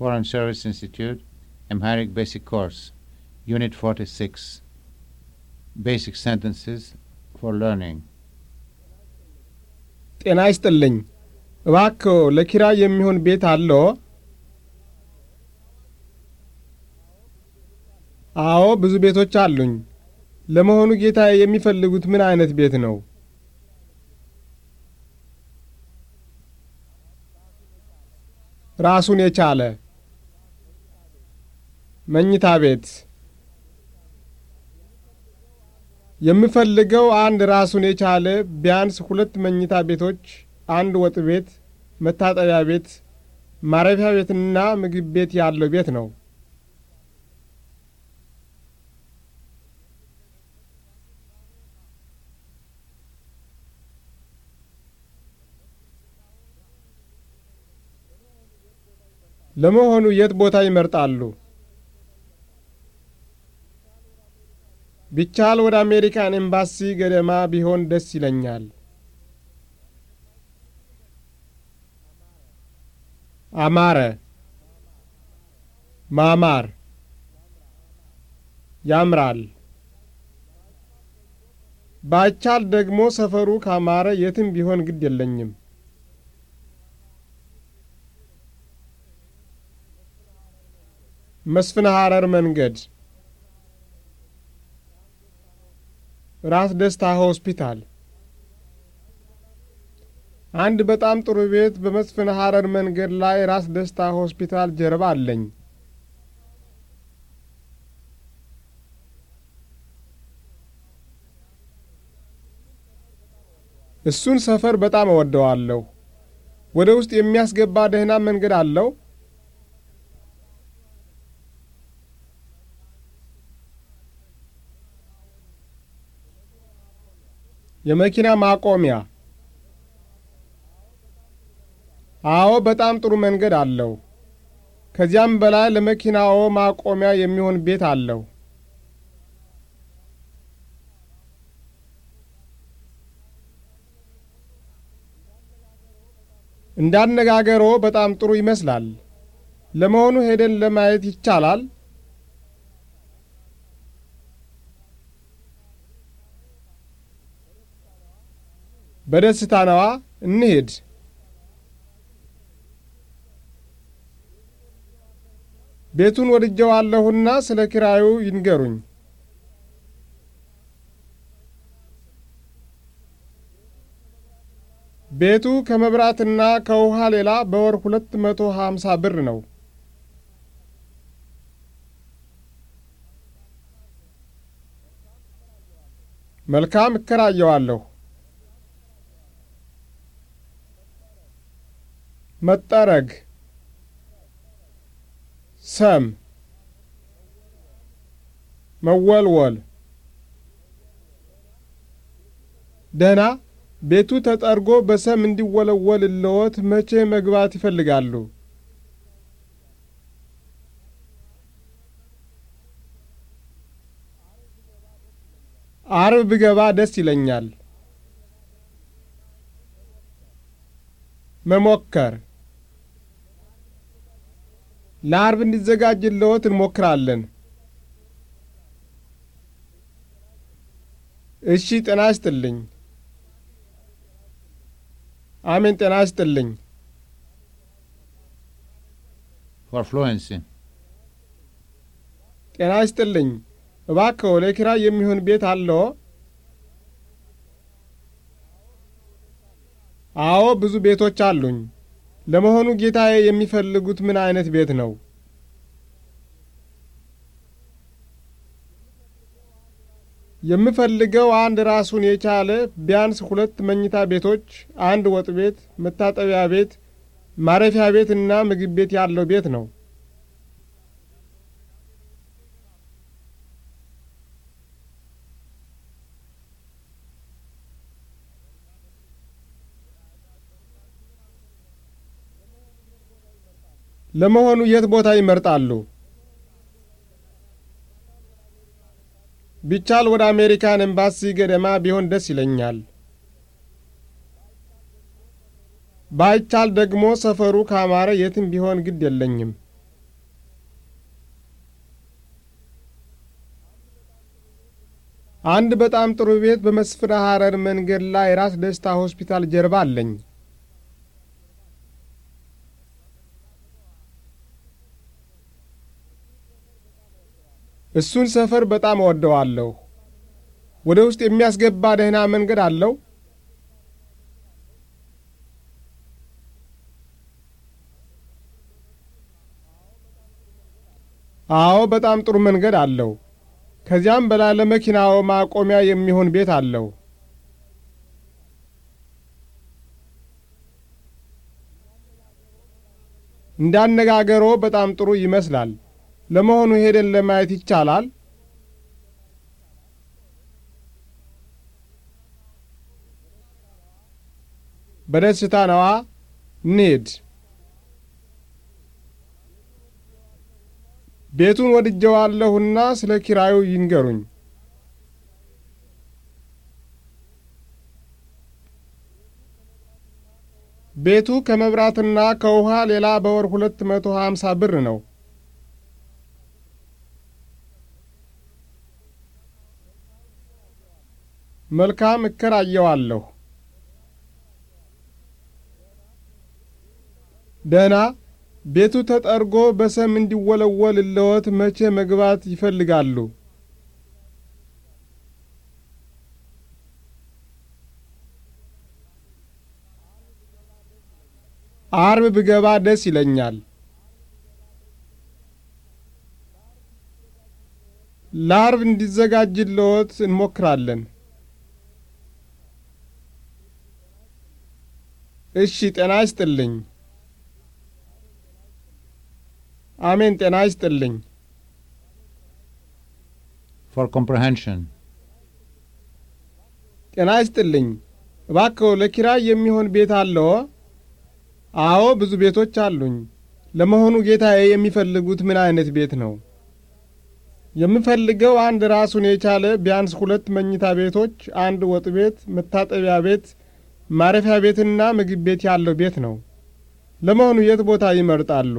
Foreign Service Institute Amharic Basic Course, Unit 46 Basic Sentences for Learning ጤና ይስጥልኝ። እባክዎ ለኪራይ የሚሆን ቤት አለዎ? አዎ፣ ብዙ ቤቶች አሉኝ። ለመሆኑ ጌታዬ የሚፈልጉት ምን አይነት ቤት ነው? ራሱን የቻለ መኝታ ቤት የምፈልገው አንድ ራሱን የቻለ ቢያንስ ሁለት መኝታ ቤቶች፣ አንድ ወጥ ቤት፣ መታጠቢያ ቤት፣ ማረፊያ ቤትና ምግብ ቤት ያለው ቤት ነው። ለመሆኑ የት ቦታ ይመርጣሉ? ቢቻል ወደ አሜሪካን ኤምባሲ ገደማ ቢሆን ደስ ይለኛል። አማረ ማማር ያምራል። ባይቻል ደግሞ ሰፈሩ ካማረ የትም ቢሆን ግድ የለኝም። መስፍን ሐረር መንገድ ራስ ደስታ ሆስፒታል አንድ በጣም ጥሩ ቤት በመስፍን ሐረር መንገድ ላይ ራስ ደስታ ሆስፒታል ጀርባ አለኝ። እሱን ሰፈር በጣም እወደዋለሁ። ወደ ውስጥ የሚያስገባ ደህና መንገድ አለው። የመኪና ማቆሚያ። አዎ፣ በጣም ጥሩ መንገድ አለው። ከዚያም በላይ ለመኪናዎ ማቆሚያ የሚሆን ቤት አለው። እንዳነጋገሮ በጣም ጥሩ ይመስላል። ለመሆኑ ሄደን ለማየት ይቻላል? በደስታ ነዋ። እንሄድ። ቤቱን ወድጀዋለሁና ስለ ኪራዩ ይንገሩኝ። ቤቱ ከመብራትና ከውሃ ሌላ በወር ሁለት መቶ ሀምሳ ብር ነው። መልካም እከራየዋለሁ። መጠረግ ሰም መወልወል ደህና ቤቱ ተጠርጎ በሰም እንዲወለወል ለወት መቼ መግባት ይፈልጋሉ? አርብ ብገባ ደስ ይለኛል። መሞከር ለአርብ እንዲዘጋጅልዎት እንሞክራለን። እሺ፣ ጤና ይስጥልኝ። አሜን፣ ጤና ይስጥልኝ። ፎርፍሎንስ ጤና ይስጥልኝ። እባክዎ ለኪራይ የሚሆን ቤት አለው? አዎ፣ ብዙ ቤቶች አሉኝ። ለመሆኑ ጌታዬ የሚፈልጉት ምን አይነት ቤት ነው? የምፈልገው አንድ ራሱን የቻለ ቢያንስ ሁለት መኝታ ቤቶች፣ አንድ ወጥ ቤት፣ መታጠቢያ ቤት፣ ማረፊያ ቤት እና ምግብ ቤት ያለው ቤት ነው። ለመሆኑ የት ቦታ ይመርጣሉ? ቢቻል ወደ አሜሪካን ኤምባሲ ገደማ ቢሆን ደስ ይለኛል። ባይቻል ደግሞ ሰፈሩ ካማረ የትም ቢሆን ግድ የለኝም። አንድ በጣም ጥሩ ቤት በመስፍነ ሐረር መንገድ ላይ ራስ ደስታ ሆስፒታል ጀርባ አለኝ። እሱን ሰፈር በጣም እወደዋለሁ። ወደ ውስጥ የሚያስገባ ደህና መንገድ አለው? አዎ፣ በጣም ጥሩ መንገድ አለው። ከዚያም በላይ ለመኪናው ማቆሚያ የሚሆን ቤት አለው። እንዳነጋገሮ በጣም ጥሩ ይመስላል። ለመሆኑ ሄደን ለማየት ይቻላል? በደስታ ነዋ። እንሂድ። ቤቱን ወድጀዋለሁና ስለ ኪራዩ ይንገሩኝ። ቤቱ ከመብራትና ከውሃ ሌላ በወር ሁለት መቶ ሀምሳ ብር ነው። መልካም እከራየዋለሁ። ደህና ቤቱ ተጠርጎ በሰም እንዲወለወል ለወት መቼ መግባት ይፈልጋሉ? አርብ ብገባ ደስ ይለኛል። ለአርብ እንዲዘጋጅ ለወት እንሞክራለን። እሺ፣ ጤና ይስጥልኝ። አሜን፣ ጤና ይስጥልኝ። ፎር ኮምፕሬንሽን ጤና ይስጥልኝ። እባክዎ ለኪራይ የሚሆን ቤት አለዎ? አዎ፣ ብዙ ቤቶች አሉኝ። ለመሆኑ ጌታዬ የሚፈልጉት ምን አይነት ቤት ነው? የምፈልገው አንድ ራሱን የቻለ ቢያንስ ሁለት መኝታ ቤቶች፣ አንድ ወጥ ቤት፣ መታጠቢያ ቤት ማረፊያ ቤትና ምግብ ቤት ያለው ቤት ነው። ለመሆኑ የት ቦታ ይመርጣሉ?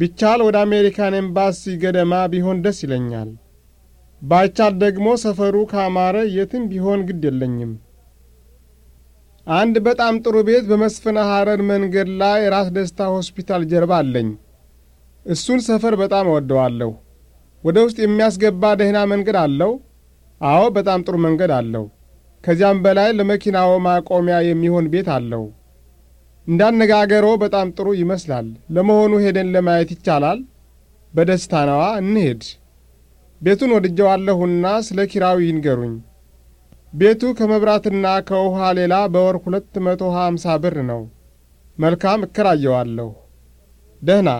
ቢቻል ወደ አሜሪካን ኤምባሲ ገደማ ቢሆን ደስ ይለኛል። ባይቻል ደግሞ ሰፈሩ ካማረ የትም ቢሆን ግድ የለኝም። አንድ በጣም ጥሩ ቤት በመስፍነ ሐረር መንገድ ላይ ራስ ደስታ ሆስፒታል ጀርባ አለኝ። እሱን ሰፈር በጣም እወደዋለሁ። ወደ ውስጥ የሚያስገባ ደህና መንገድ አለው። አዎ፣ በጣም ጥሩ መንገድ አለው። ከዚያም በላይ ለመኪናዎ ማቆሚያ የሚሆን ቤት አለው። እንዳነጋገሮ በጣም ጥሩ ይመስላል። ለመሆኑ ሄደን ለማየት ይቻላል? በደስታ ነዋ፣ እንሄድ። ቤቱን ወድጀዋለሁና ስለ ኪራዩ ይንገሩኝ። ቤቱ ከመብራትና ከውሃ ሌላ በወር ሁለት መቶ ሃምሳ ብር ነው። መልካም፣ እከራየዋለሁ። ደህና።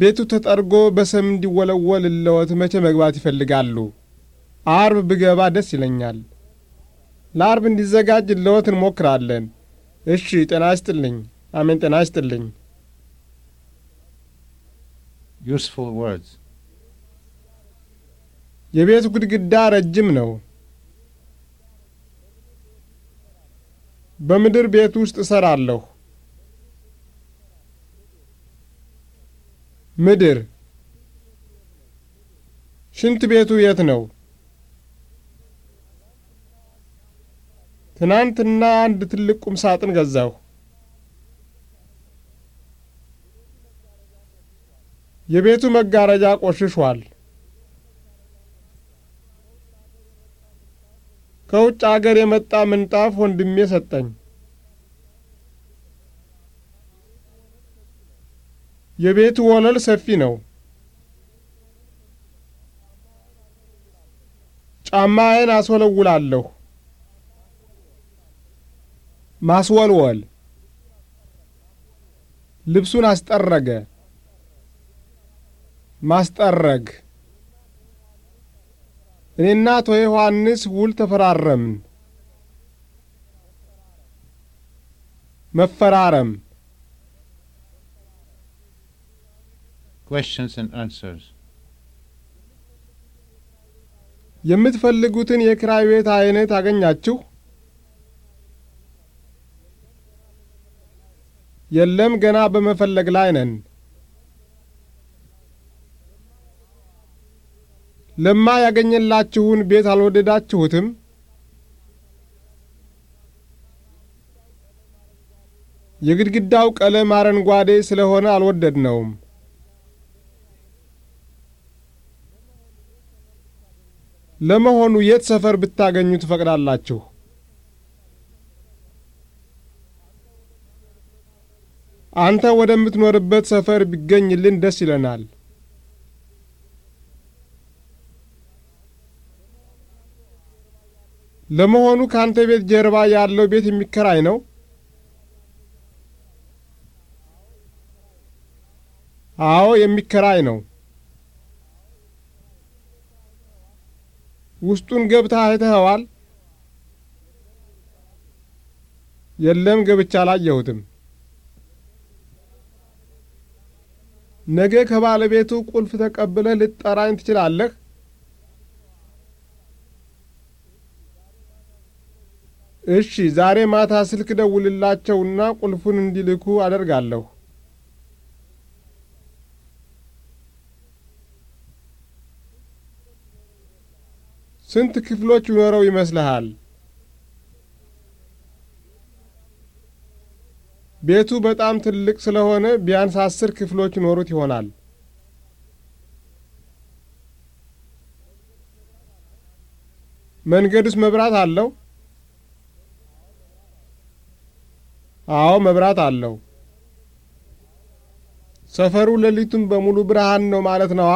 ቤቱ ተጠርጎ በሰም እንዲወለወል ለወት መቼ መግባት ይፈልጋሉ? አርብ ብገባ ደስ ይለኛል። ለአርብ እንዲዘጋጅ ለወት እንሞክራለን። እሺ፣ ጤና ይስጥልኝ። አሜን፣ ጤና ይስጥልኝ። ዩስፉል ወርድስ የቤቱ ግድግዳ ረጅም ነው። በምድር ቤት ውስጥ እሰራለሁ። ምድር ሽንት ቤቱ የት ነው? ትናንትና አንድ ትልቅ ቁም ሳጥን ገዛሁ። የቤቱ መጋረጃ ቆሽሿል። ከውጭ አገር የመጣ ምንጣፍ ወንድሜ ሰጠኝ። የቤቱ ወለል ሰፊ ነው። ጫማዬን አስወለውላለሁ። ማስወልወል ልብሱን አስጠረገ። ማስጠረግ እኔና አቶ ዮሐንስ ውል ተፈራረምን። መፈራረም questions and answers የምትፈልጉትን የክራይ ቤት አይነት አገኛችሁ? የለም ገና በመፈለግ ላይ ነን። ለማ ያገኘላችሁን ቤት አልወደዳችሁትም? የግድግዳው ቀለም አረንጓዴ ስለሆነ አልወደድነውም። ለመሆኑ የት ሰፈር ብታገኙ ትፈቅዳላችሁ? አንተ ወደምትኖርበት ሰፈር ቢገኝልን ደስ ይለናል። ለመሆኑ ከአንተ ቤት ጀርባ ያለው ቤት የሚከራይ ነው? አዎ፣ የሚከራይ ነው። ውስጡን ገብታ አይተኸዋል? የለም፣ ገብቻ አላየሁትም። ነገ ከባለቤቱ ቁልፍ ተቀብለህ ልጠራኝ ትችላለህ? እሺ፣ ዛሬ ማታ ስልክ ደውልላቸውና ቁልፉን እንዲልኩ አደርጋለሁ። ስንት ክፍሎች ይኖረው ይመስልሃል? ቤቱ በጣም ትልቅ ስለሆነ ቢያንስ አስር ክፍሎች ይኖሩት ይሆናል። መንገዱስ መብራት አለው? አዎ፣ መብራት አለው። ሰፈሩ ሌሊቱን በሙሉ ብርሃን ነው ማለት ነዋ?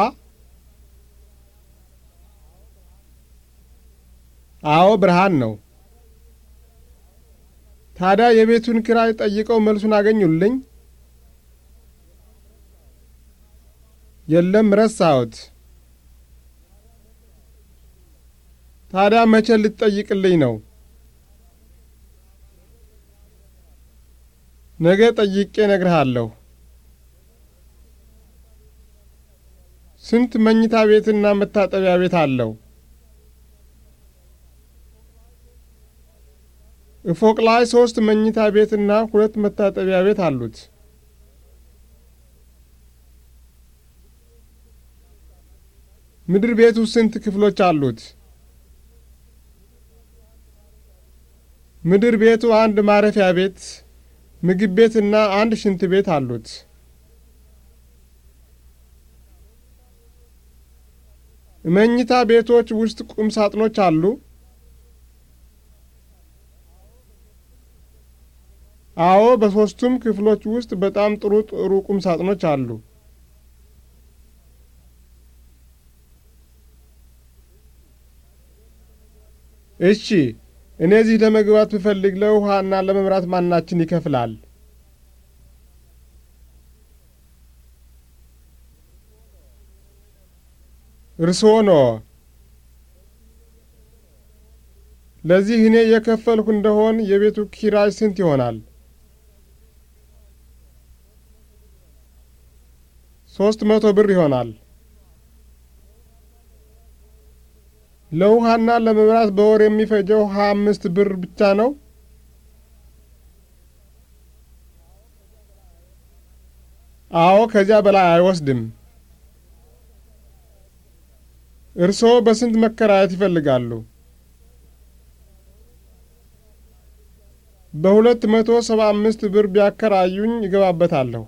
አዎ፣ ብርሃን ነው። ታዲያ የቤቱን ክራይ ጠይቀው መልሱን አገኙልኝ? የለም ረሳሁት። ታዲያ መቼ ልትጠይቅልኝ ነው? ነገ ጠይቄ እነግርሃለሁ። ስንት መኝታ ቤትና መታጠቢያ ቤት አለው? ፎቅ ላይ ሦስት መኝታ ቤትና ሁለት መታጠቢያ ቤት አሉት። ምድር ቤቱ ስንት ክፍሎች አሉት? ምድር ቤቱ አንድ ማረፊያ ቤት፣ ምግብ ቤትና አንድ ሽንት ቤት አሉት። መኝታ ቤቶች ውስጥ ቁም ሳጥኖች አሉ? አዎ፣ በሦስቱም ክፍሎች ውስጥ በጣም ጥሩ ጥሩ ቁም ሳጥኖች አሉ። እሺ፣ እኔ እዚህ ለመግባት ብፈልግ ለውሃና ለመብራት ማናችን ይከፍላል? እርስዎ ነው። ለዚህ እኔ የከፈልሁ እንደሆን የቤቱ ኪራይ ስንት ይሆናል? ሦስት መቶ ብር ይሆናል። ለውሃና ለመብራት በወር የሚፈጀው ሀያ አምስት ብር ብቻ ነው። አዎ፣ ከዚያ በላይ አይወስድም። እርስዎ በስንት መከራየት ይፈልጋሉ? በሁለት መቶ ሰባ አምስት ብር ቢያከራዩኝ እገባበታለሁ።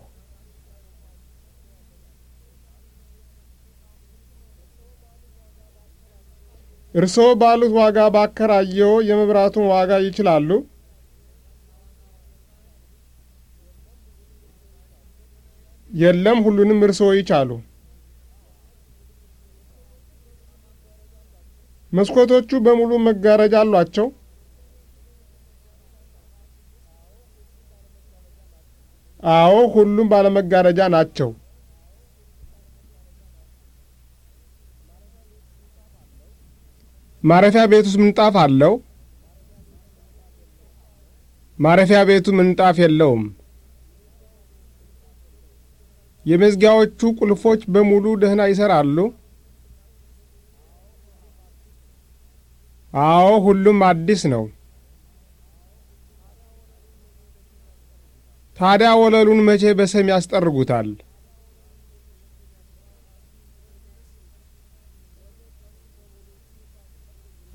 እርስዎ ባሉት ዋጋ ባከራየው የመብራቱን ዋጋ ይችላሉ? የለም፣ ሁሉንም እርስዎ ይቻሉ። መስኮቶቹ በሙሉ መጋረጃ አሏቸው? አዎ፣ ሁሉም ባለመጋረጃ ናቸው። ማረፊያ ቤቱስ ምንጣፍ አለው? ማረፊያ ቤቱ ምንጣፍ የለውም። የመዝጊያዎቹ ቁልፎች በሙሉ ደህና ይሰራሉ? አዎ፣ ሁሉም አዲስ ነው። ታዲያ ወለሉን መቼ በሰም ያስጠርጉታል?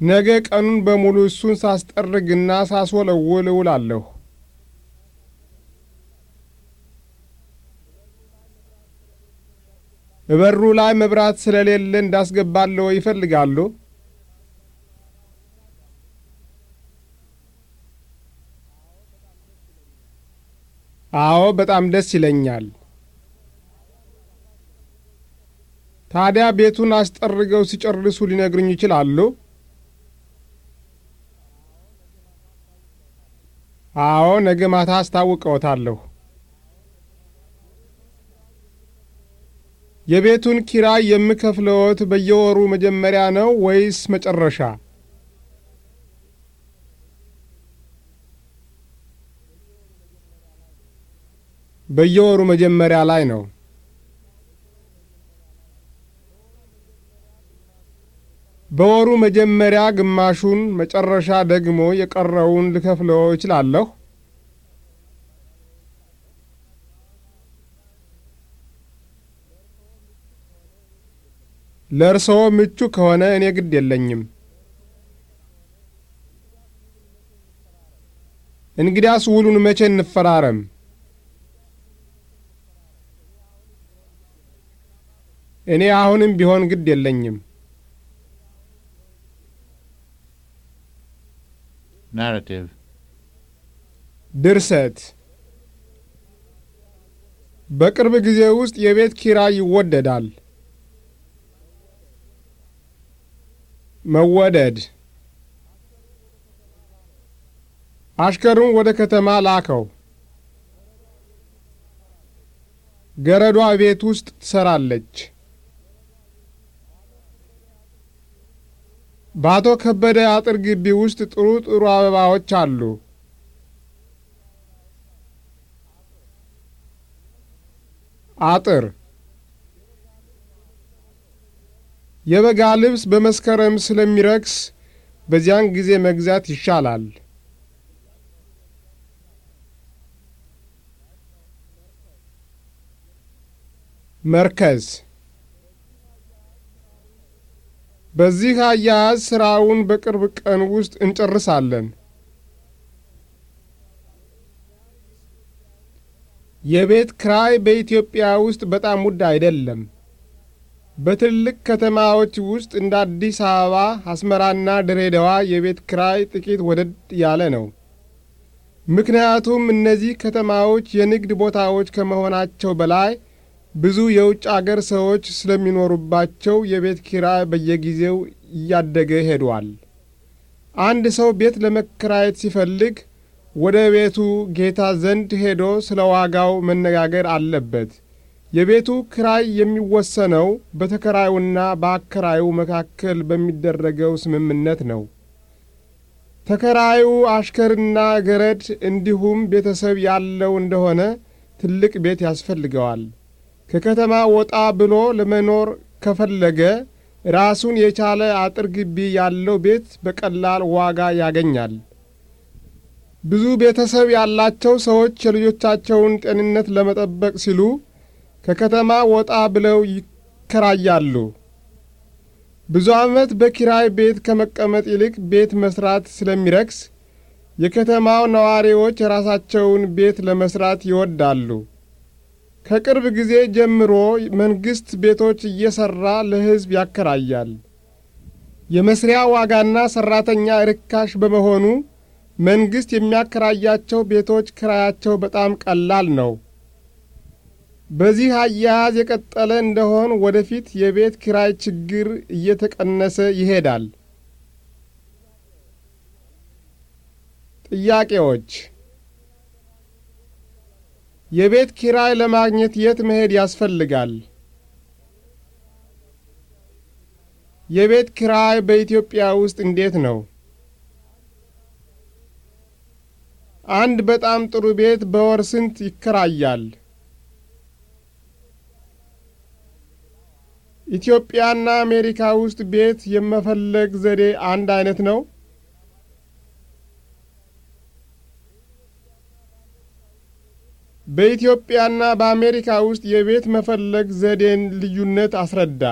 ነገ ቀኑን በሙሉ እሱን ሳስጠርግና ሳስወለውል እውላለሁ። እበሩ ላይ መብራት ስለሌለ እንዳስገባለሁ ይፈልጋሉ። አዎ፣ በጣም ደስ ይለኛል። ታዲያ ቤቱን አስጠርገው ሲጨርሱ ሊነግርኝ ይችላሉ? አዎ ነገ ማታ አስታውቀዎታለሁ። የቤቱን ኪራይ የምከፍለዎት በየወሩ መጀመሪያ ነው ወይስ መጨረሻ? በየወሩ መጀመሪያ ላይ ነው። በወሩ መጀመሪያ ግማሹን፣ መጨረሻ ደግሞ የቀረውን ልከፍለው እችላለሁ? ለእርስዎ ምቹ ከሆነ እኔ ግድ የለኝም። እንግዲያስ ውሉን መቼ እንፈራረም? እኔ አሁንም ቢሆን ግድ የለኝም። narrative ድርሰት በቅርብ ጊዜ ውስጥ የቤት ኪራይ ይወደዳል። መወደድ አሽከሩን ወደ ከተማ ላከው። ገረዷ ቤት ውስጥ ትሰራለች። በአቶ ከበደ አጥር ግቢ ውስጥ ጥሩ ጥሩ አበባዎች አሉ። አጥር የበጋ ልብስ በመስከረም ስለሚረክስ በዚያን ጊዜ መግዛት ይሻላል። መርከዝ በዚህ አያያዝ ሥራውን በቅርብ ቀን ውስጥ እንጨርሳለን። የቤት ክራይ በኢትዮጵያ ውስጥ በጣም ውድ አይደለም። በትልቅ ከተማዎች ውስጥ እንደ አዲስ አበባ፣ አስመራና ድሬዳዋ የቤት ክራይ ጥቂት ወደድ ያለ ነው። ምክንያቱም እነዚህ ከተማዎች የንግድ ቦታዎች ከመሆናቸው በላይ ብዙ የውጭ አገር ሰዎች ስለሚኖሩባቸው የቤት ኪራይ በየጊዜው እያደገ ሄዷል። አንድ ሰው ቤት ለመከራየት ሲፈልግ ወደ ቤቱ ጌታ ዘንድ ሄዶ ስለ ዋጋው መነጋገር አለበት። የቤቱ ክራይ የሚወሰነው በተከራዩና በአከራዩ መካከል በሚደረገው ስምምነት ነው። ተከራዩ አሽከርና ገረድ እንዲሁም ቤተሰብ ያለው እንደሆነ ትልቅ ቤት ያስፈልገዋል። ከከተማ ወጣ ብሎ ለመኖር ከፈለገ ራሱን የቻለ አጥር ግቢ ያለው ቤት በቀላል ዋጋ ያገኛል። ብዙ ቤተሰብ ያላቸው ሰዎች የልጆቻቸውን ጤንነት ለመጠበቅ ሲሉ ከከተማ ወጣ ብለው ይከራያሉ። ብዙ ዓመት በኪራይ ቤት ከመቀመጥ ይልቅ ቤት መስራት ስለሚረክስ የከተማው ነዋሪዎች የራሳቸውን ቤት ለመስራት ይወዳሉ። ከቅርብ ጊዜ ጀምሮ መንግሥት ቤቶች እየሠራ ለሕዝብ ያከራያል። የመስሪያ ዋጋና ሠራተኛ ርካሽ በመሆኑ መንግሥት የሚያከራያቸው ቤቶች ክራያቸው በጣም ቀላል ነው። በዚህ አያያዝ የቀጠለ እንደሆን ወደፊት የቤት ኪራይ ችግር እየተቀነሰ ይሄዳል። ጥያቄዎች የቤት ኪራይ ለማግኘት የት መሄድ ያስፈልጋል? የቤት ኪራይ በኢትዮጵያ ውስጥ እንዴት ነው? አንድ በጣም ጥሩ ቤት በወር ስንት ይከራያል? ኢትዮጵያና አሜሪካ ውስጥ ቤት የመፈለግ ዘዴ አንድ አይነት ነው? በኢትዮጵያና በአሜሪካ ውስጥ የቤት መፈለግ ዘዴን ልዩነት አስረዳ።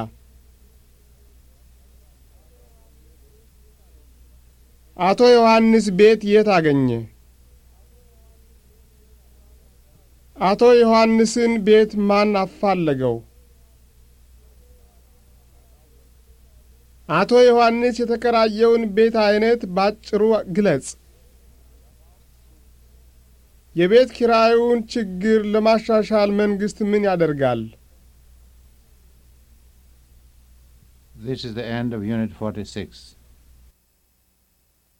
አቶ ዮሐንስ ቤት የት አገኘ? አቶ ዮሐንስን ቤት ማን አፋለገው? አቶ ዮሐንስ የተከራየውን ቤት አይነት ባጭሩ ግለጽ። የቤት ኪራዩን ችግር ለማሻሻል መንግሥት ምን ያደርጋል? This is the end of Unit 46.